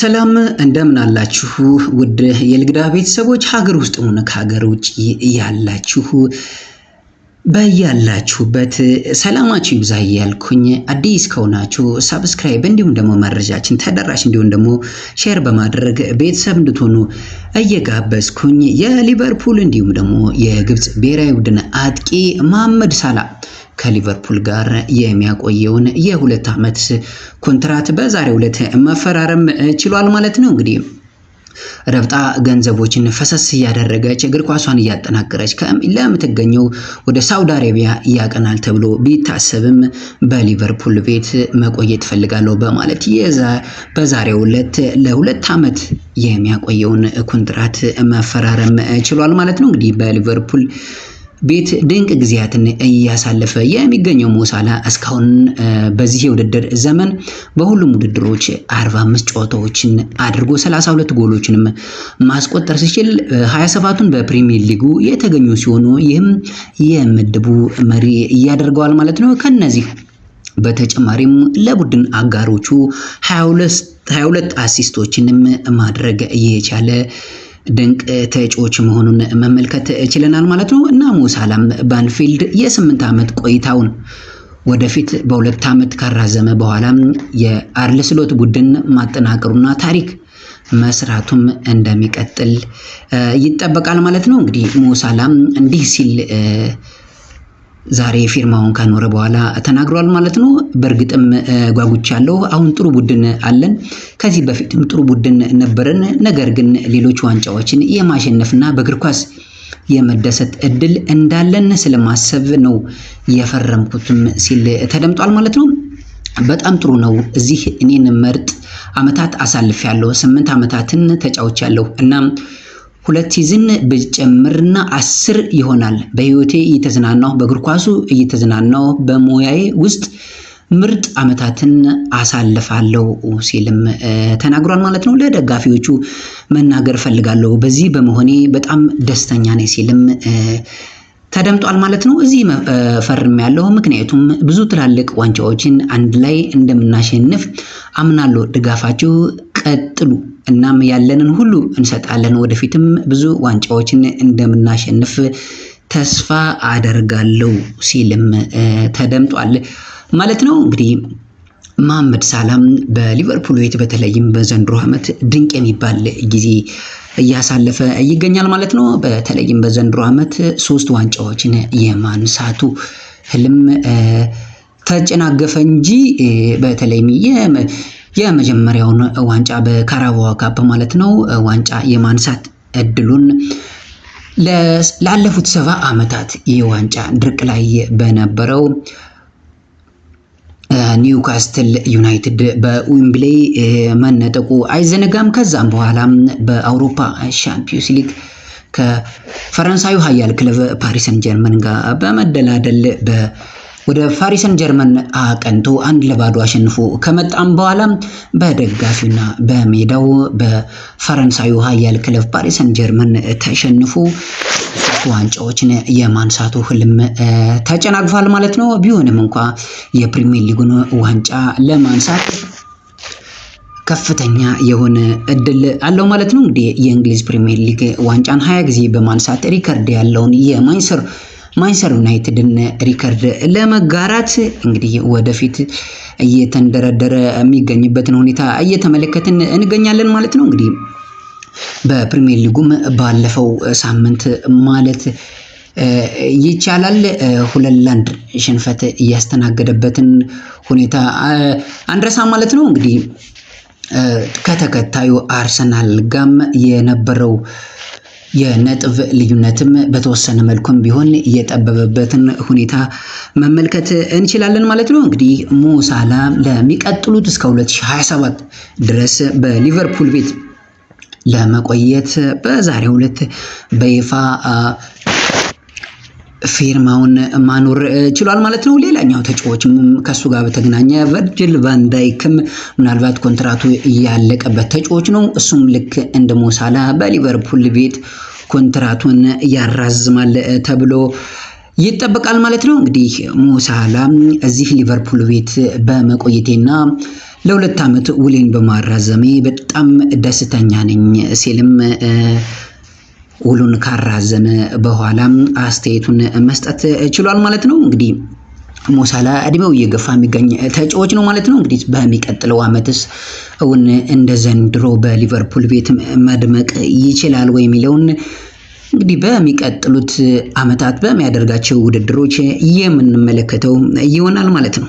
ሰላም እንደምን አላችሁ ውድ የልግዳ ቤተሰቦች፣ ሀገር ውስጥ ሆነ ከሀገር ውጭ ያላችሁ በያላችሁበት ሰላማችሁ ይብዛ እያልኩኝ አዲስ ከሆናችሁ ሰብስክራይብ፣ እንዲሁም ደግሞ መረጃችን ተደራሽ እንዲሁም ደግሞ ሼር በማድረግ ቤተሰብ እንድትሆኑ እየጋበዝኩኝ የሊቨርፑል እንዲሁም ደግሞ የግብፅ ብሔራዊ ቡድን አጥቂ መሐመድ ሳላ ከሊቨርፑል ጋር የሚያቆየውን የሁለት ዓመት ኮንትራት በዛሬው ዕለት መፈራረም ችሏል ማለት ነው እንግዲህ ረብጣ ገንዘቦችን ፈሰስ እያደረገች እግር ኳሷን እያጠናከረች ለምትገኘው ወደ ሳውዲ አረቢያ ያቀናል ተብሎ ቢታሰብም በሊቨርፑል ቤት መቆየት ፈልጋለሁ በማለት በዛሬው ዕለት ለሁለት ዓመት የሚያቆየውን ኮንትራት መፈራረም ችሏል ማለት ነው እንግዲህ በሊቨርፑል ቤት ድንቅ ጊዜያትን እያሳለፈ የሚገኘው ሞሳላ እስካሁን በዚህ የውድድር ዘመን በሁሉም ውድድሮች 45 ጨዋታዎችን አድርጎ 32 ጎሎችንም ማስቆጠር ሲችል 27ቱን በፕሪሚየር ሊጉ የተገኙ ሲሆኑ ይህም የምድቡ መሪ እያደርገዋል ማለት ነው። ከነዚህ በተጨማሪም ለቡድን አጋሮቹ 22 አሲስቶችንም ማድረግ እየቻለ ድንቅ ተጫዋች መሆኑን መመልከት ችለናል ማለት ነው እና ሙሳላም ባንፊልድ የስምንት ዓመት ቆይታውን ወደፊት በሁለት ዓመት ካራዘመ በኋላ የአርነ ስሎት ቡድን ማጠናቀሩና ታሪክ መስራቱም እንደሚቀጥል ይጠበቃል ማለት ነው። እንግዲህ ሙሳላም እንዲህ ሲል ዛሬ ፊርማውን ካኖረ በኋላ ተናግሯል ማለት ነው። በእርግጥም ጓጉቻለሁ። አሁን ጥሩ ቡድን አለን። ከዚህ በፊትም ጥሩ ቡድን ነበረን። ነገር ግን ሌሎች ዋንጫዎችን የማሸነፍና በእግር ኳስ የመደሰት እድል እንዳለን ስለማሰብ ነው የፈረምኩትም ሲል ተደምጧል ማለት ነው። በጣም ጥሩ ነው። እዚህ እኔን ምርጥ አመታት አሳልፍ ያለሁ ስምንት አመታትን ተጫውቻለሁ እና ሁለት ሲዝን ብጨምርና አስር ይሆናል። በህይወቴ እየተዝናናሁ በእግር ኳሱ እየተዝናናሁ በሙያዬ ውስጥ ምርጥ ዓመታትን አሳልፋለሁ ሲልም ተናግሯል ማለት ነው። ለደጋፊዎቹ መናገር ፈልጋለሁ በዚህ በመሆኔ በጣም ደስተኛ ነኝ ሲልም ተደምጧል ማለት ነው። እዚህ ፈርም ያለው ምክንያቱም ብዙ ትላልቅ ዋንጫዎችን አንድ ላይ እንደምናሸንፍ አምናለሁ። ድጋፋችሁ ቀጥሉ እናም ያለንን ሁሉ እንሰጣለን። ወደፊትም ብዙ ዋንጫዎችን እንደምናሸንፍ ተስፋ አደርጋለሁ ሲልም ተደምጧል ማለት ነው እንግዲህ መሐመድ ሳላም በሊቨርፑል ቤት በተለይም በዘንድሮ ዓመት ድንቅ የሚባል ጊዜ እያሳለፈ ይገኛል ማለት ነው። በተለይም በዘንድሮ ዓመት ሶስት ዋንጫዎችን የማንሳቱ ህልም ተጨናገፈ እንጂ በተለይም የመጀመሪያውን ዋንጫ በካራባዋ ካፕ ማለት ነው ዋንጫ የማንሳት እድሉን ላለፉት ሰባ ዓመታት ይህ ዋንጫ ድርቅ ላይ በነበረው ኒውካስትል ዩናይትድ በዊምብሌይ መነጠቁ አይዘነጋም። ከዛም በኋላ በአውሮፓ ሻምፒዮንስ ሊግ ከፈረንሳዩ ኃያል ክለብ ፓሪሰን ጀርመን ጋር በመደላደል በ ወደ ፓሪሰን ጀርመን አቀንቶ አንድ ለባዶ አሸንፎ ከመጣም በኋላ በደጋፊውና በሜዳው በፈረንሳዩ ኃያል ክለብ ፓሪሰን ጀርመን ተሸንፎ ዋንጫዎችን የማንሳቱ ህልም ተጨናግፏል ማለት ነው። ቢሆንም እንኳ የፕሪሚየር ሊጉን ዋንጫ ለማንሳት ከፍተኛ የሆነ እድል አለው ማለት ነው። እንግዲህ የእንግሊዝ ፕሪሚየር ሊግ ዋንጫን ሀያ ጊዜ በማንሳት ሪከርድ ያለውን የማንችስተር ማንቸስተር ዩናይትድን ሪከርድ ለመጋራት እንግዲህ ወደፊት እየተንደረደረ የሚገኝበትን ሁኔታ እየተመለከትን እንገኛለን ማለት ነው። እንግዲህ በፕሪሚየር ሊጉም ባለፈው ሳምንት ማለት ይቻላል ሁለት ለአንድ ሽንፈት እያስተናገደበትን ሁኔታ አንረሳ ማለት ነው። እንግዲህ ከተከታዩ አርሰናል ጋም የነበረው የነጥብ ልዩነትም በተወሰነ መልኩም ቢሆን የጠበበበትን ሁኔታ መመልከት እንችላለን ማለት ነው። እንግዲህ ሞሳላ ለሚቀጥሉት እስከ 2027 ድረስ በሊቨርፑል ቤት ለመቆየት በዛሬው ዕለት በይፋ ፊርማውን ማኖር ችሏል ማለት ነው። ሌላኛው ተጫዋች ከሱ ጋር በተገናኘ ቨርጅል ቫንዳይክም ምናልባት ኮንትራቱ ያለቀበት ተጫዋች ነው። እሱም ልክ እንደ ሞሳላ በሊቨርፑል ቤት ኮንትራቱን ያራዝማል ተብሎ ይጠበቃል ማለት ነው። እንግዲህ ሞሳላ እዚህ ሊቨርፑል ቤት በመቆየቴና ለሁለት ዓመት ውሌን በማራዘሜ በጣም ደስተኛ ነኝ ሲልም ውሉን ካራዘመ በኋላም አስተያየቱን መስጠት ችሏል ማለት ነው። እንግዲህ ሞሳላ እድሜው እየገፋ የሚገኝ ተጫዋች ነው ማለት ነው። እንግዲህ በሚቀጥለው ዓመትስ እውን እንደ ዘንድሮ በሊቨርፑል ቤት መድመቅ ይችላል ወይ የሚለውን እንግዲህ በሚቀጥሉት ዓመታት በሚያደርጋቸው ውድድሮች የምንመለከተው ይሆናል ማለት ነው።